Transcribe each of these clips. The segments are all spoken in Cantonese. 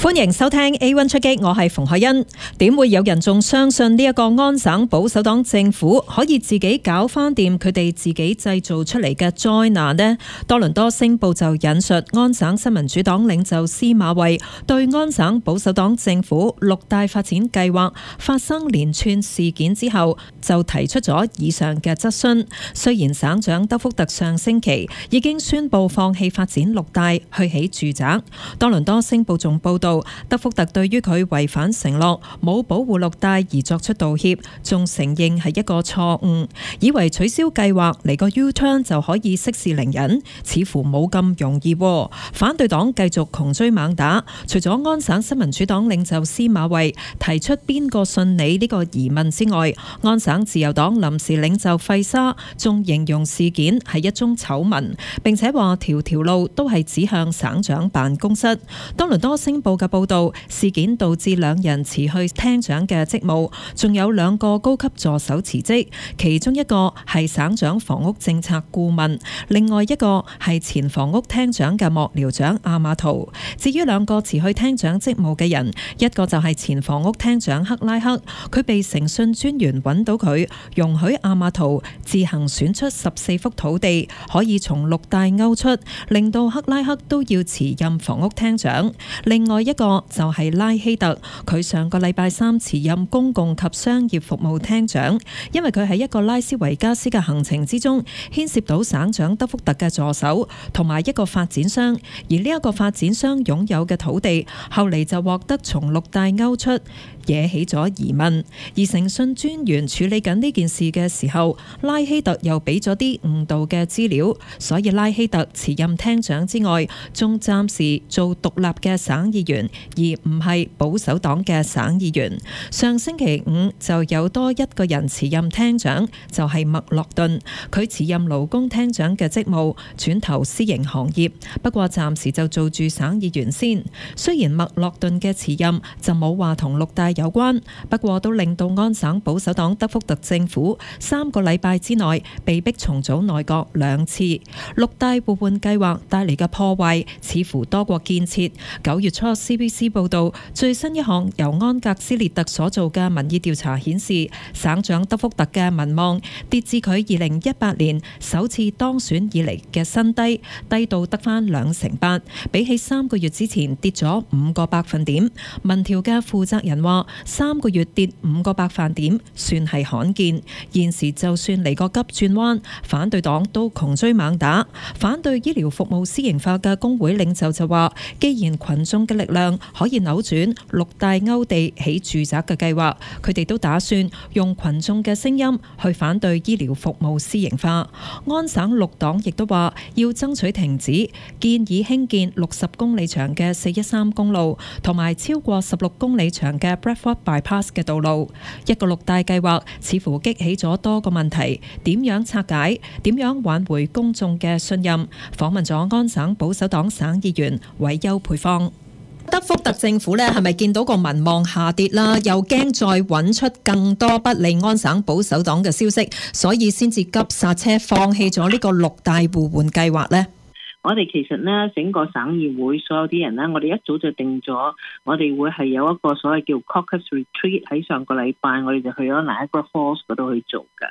歡迎收聽 A1 出擊，我係馮海欣。點會有人仲相信，呢一個安省保守黨政府可以自己搞翻掂佢哋自己製造出嚟嘅災難呢？多倫多星報就引述安省新民主黨領袖司馬衛對安省保守黨政府綠帶發展計劃發生連串事件之後，就提出咗以上嘅質詢。雖然省長德福特上星期已經宣布放棄發展綠帶去起住宅，多倫多星報仲報道。德福特對於佢違反承諾、冇保護綠帶而作出道歉，仲承認係一個錯誤，以為取消計劃嚟個 U turn 就可以息事寧人，似乎冇咁容易。哦。反對黨繼續窮追猛打，除咗安省新民主黨領袖司馬衛提出邊個信你呢個疑問之外，安省自由黨臨時領袖費沙仲形容事件係一宗醜聞，並且話條條路都係指向省長辦公室。當倫多倫多星報。嘅報導，事件導致兩人辭去廳長嘅職務，仲有兩個高級助手辭職，其中一個係省長房屋政策顧問，另外一個係前房屋廳長嘅幕僚長阿馬圖。至於兩個辭去廳長職務嘅人，一個就係前房屋廳長克拉克，佢被誠信專員揾到佢容許阿馬圖自行選出十四幅土地可以從綠帶勾出，令到克拉克都要辭任房屋廳長。另外。一個就係拉希特，佢上個禮拜三辭任公共及商業服務廳長，因為佢喺一個拉斯維加斯嘅行程之中，牽涉到省長德福特嘅助手同埋一個發展商，而呢一個發展商擁有嘅土地，後嚟就獲得從綠帶勾出，惹起咗疑問。而誠信專員處理緊呢件事嘅時候，拉希特又俾咗啲誤導嘅資料，所以拉希特辭任廳長之外，仲暫時做獨立嘅省議員。而唔係保守黨嘅省議員。上星期五就有多一個人辭任廳長，就係麥洛頓。佢辭任勞工廳長嘅職務，轉投私營行業。不過暫時就做住省議員先。雖然麥洛頓嘅辭任就冇話同綠帶有關，不過都令到安省保守黨德福特政府三個禮拜之內被逼重組內閣兩次。綠帶撥款計劃帶嚟嘅破壞似乎多過建設。九月初，CBC 報道最新一項由安格斯列特所做嘅民意調查顯示，省長德福特嘅民望跌至佢二零一八年首次當選以嚟嘅新低，低到得翻兩成八，比起三個月之前跌咗五個百分點。民調嘅負責人話：三個月跌五個百分點算係罕見，現時就算嚟個急轉彎，反對黨都窮追猛打。反對醫療服務私營化嘅工會領袖就話：既然群眾嘅力量，可以扭轉綠帶勾地起住宅嘅計劃，佢哋都打算用群眾嘅聲音去反對醫療服務私營化。安省綠黨亦都話要爭取停止建議興建六十公里長嘅四一三公路，同埋超過十六公里長嘅 Bradford bypass 嘅道路。一個綠帶計劃似乎激起咗多個問題，點樣拆解？點樣挽回公眾嘅信任？訪問咗安省保守黨省議員韋優培芳。德福特政府咧，係咪見到個民望下跌啦？又驚再揾出更多不利安省保守黨嘅消息，所以先至急剎車，放棄咗呢個綠帶互換計劃呢？我哋其實呢，整個省議會所有啲人呢，我哋一早就定咗，我哋會係有一個所謂叫 Caucus Retreat 喺上個禮拜，我哋就去咗 Niagara Falls 嗰度去做噶。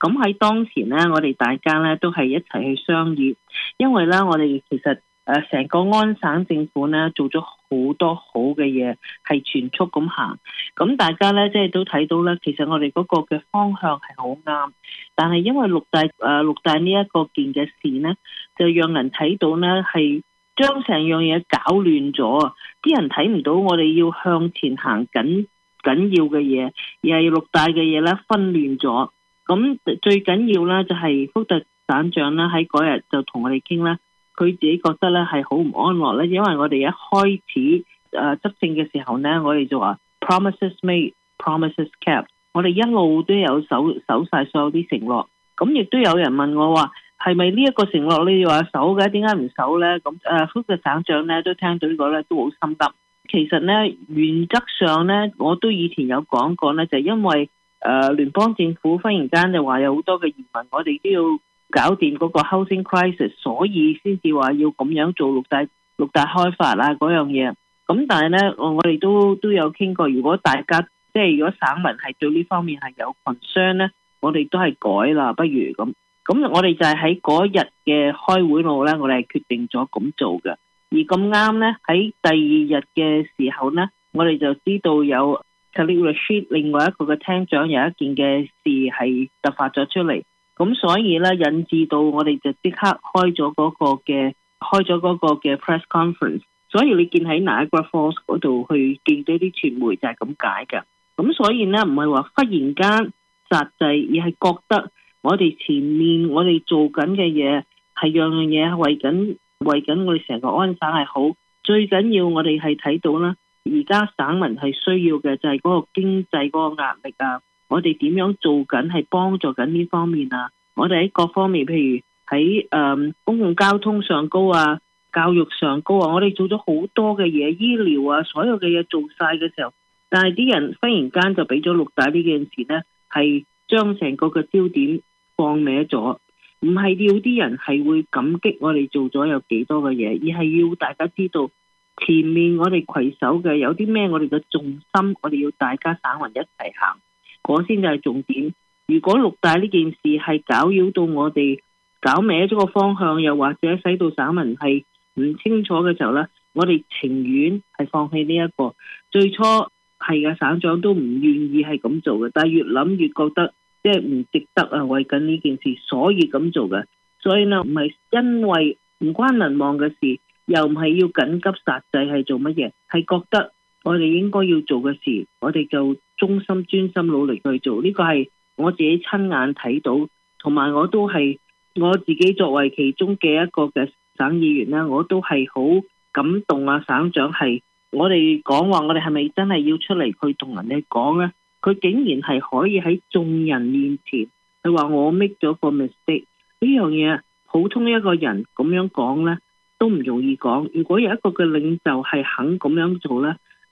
咁喺當前呢，我哋大家呢都係一齊去商議，因為呢，我哋其實。誒成、呃、個安省政府咧做咗好多好嘅嘢，係全速咁行。咁大家咧即係都睇到咧，其實我哋嗰個嘅方向係好啱。但係因為綠帶、呃、綠帶呢一個件嘅事呢，就讓人睇到呢係將成樣嘢搞亂咗。啲人睇唔到我哋要向前行緊緊要嘅嘢，而係綠帶嘅嘢咧分亂咗。咁最緊要呢，就係福特省長呢喺嗰日就同我哋傾啦。佢自己覺得咧係好唔安樂咧，因為我哋一開始誒執、呃、政嘅時候呢，我哋就話 promises made, promises kept，我哋一路都有守守曬所有啲承諾。咁、嗯、亦都有人問我話，係咪呢一個承諾你要話守嘅？點解唔守呢？」咁、呃、誒，福嘅省長呢都聽到呢、這個呢，都好心急。其實呢，原則上呢，我都以前有講過呢，就是、因為誒聯、呃、邦政府忽然間就話有好多嘅移民，我哋都要。搞掂嗰個 housing crisis，所以先至話要咁樣做六大、六大開發啊嗰樣嘢。咁但係呢，我哋都都有傾過，如果大家即係如果省民係對呢方面係有 concern 呢，我哋都係改啦。不如咁，咁我哋就係喺嗰日嘅開會度呢，我哋係決定咗咁做嘅。而咁啱呢，喺第二日嘅時候呢，我哋就知道有 Kaleed Rasheed 另外一個嘅廳長有一件嘅事係突發咗出嚟。咁所以咧引致到我哋就即刻開咗嗰個嘅開咗嗰個嘅 press conference，所以你見喺 Niagara Falls 嗰度去見到啲傳媒就係咁解嘅。咁所以咧唔係話忽然間煞掣，而係覺得我哋前面我哋做緊嘅嘢係樣樣嘢為緊為緊我哋成個安省係好。最緊要我哋係睇到啦，而家省民係需要嘅就係嗰個經濟嗰個壓力啊。我哋點樣做緊，係幫助緊呢方面啊！我哋喺各方面，譬如喺誒、呃、公共交通上高啊、教育上高啊，我哋做咗好多嘅嘢，醫療啊，所有嘅嘢做晒嘅時候，但係啲人忽然間就俾咗綠帶呢件事呢，係將成個嘅焦點放歪咗，唔係要啲人係會感激我哋做咗有幾多嘅嘢，而係要大家知道前面我哋攜手嘅有啲咩，我哋嘅重心，我哋要大家省民一齊行。嗰先就係重點。如果六大呢件事係搞擾到我哋，搞歪咗個方向，又或者使到省民係唔清楚嘅時候呢，我哋情願係放棄呢一個。最初係嘅省長都唔願意係咁做嘅，但係越諗越覺得即係唔值得啊！為緊呢件事，所以咁做嘅。所以呢，唔係因為唔關民望嘅事，又唔係要緊急實際係做乜嘢，係覺得。我哋應該要做嘅事，我哋就忠心專心努力去做。呢個係我自己親眼睇到，同埋我都係我自己作為其中嘅一個嘅省議員咧，我都係好感動啊！省長係我哋講話，我哋係咪真係要出嚟去同人哋講咧？佢竟然係可以喺眾人面前，佢話我 make 咗個 mistake 呢樣嘢，普通一個人咁樣講呢，都唔容易講。如果有一個嘅領袖係肯咁樣做呢。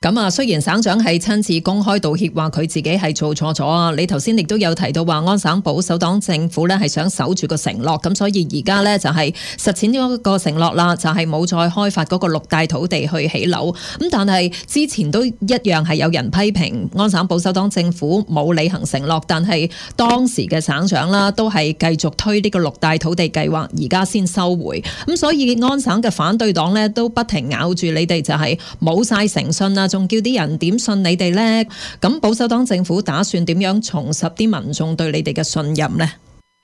咁啊，雖然省長係親自公開道歉，話佢自己係做錯咗啊。你頭先亦都有提到話，安省保守黨政府咧係想守住個承諾，咁所以而家咧就係、是、實踐就係實踐咗個承諾啦，就係冇再開發嗰個六大土地去起樓。咁但係之前都一樣係有人批評安省保守黨政府冇履行承諾，但係當時嘅省長啦都係繼續推呢個六大土地計劃，而家先收回。咁所以安省嘅反對黨咧都不停咬住你哋就係冇晒誠信啦。仲叫啲人點信你哋咧？咁保守黨政府打算點樣重拾啲民眾對你哋嘅信任咧？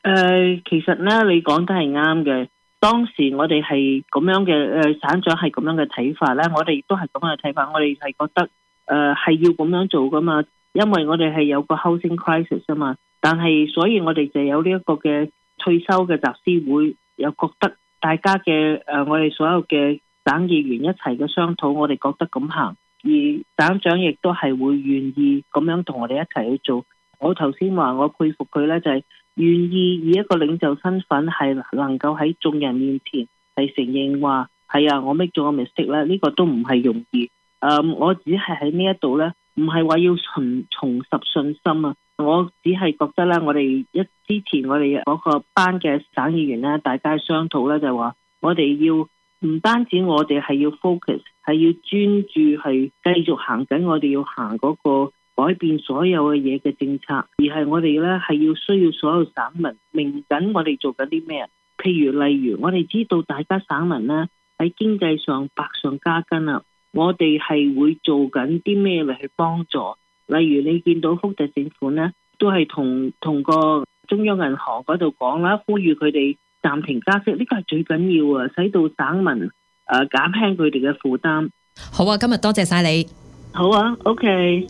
誒，其實咧你講得係啱嘅。當時我哋係咁樣嘅，誒，省長係咁樣嘅睇法咧。我哋亦都係咁樣嘅睇法。我哋係覺得誒係要咁樣做噶嘛，因為我哋係有個 housing crisis 啊嘛。但係所以我哋就有呢一個嘅退休嘅集思會，又覺得大家嘅誒，我哋所有嘅省議員一齊嘅商討，我哋覺得咁行。而省長亦都係會願意咁樣同我哋一齊去做。我頭先話我佩服佢呢，就係願意以一個領袖身份係能夠喺眾人面前係承認話，係啊，我咩做我咪識呢？呢、呢個都唔係容易。誒、呃，我只係喺呢一度呢，唔係話要重重拾信心啊。我只係覺得咧，我哋一之前我哋嗰個班嘅省議員呢，大家商討呢，就係話我哋要。唔單止我哋係要 focus，係要專注係繼續行緊，我哋要行嗰個改變所有嘅嘢嘅政策，而係我哋咧係要需要所有省民明緊我哋做緊啲咩。譬如例如，我哋知道大家省民呢喺經濟上百上加斤啦，我哋係會做緊啲咩嚟去幫助。例如你見到福特政府呢，都係同同個中央銀行嗰度講啦，呼籲佢哋。暫停加息，呢個係最緊要啊，使到省民誒減輕佢哋嘅負擔。好啊，今日多謝晒你。好啊，OK。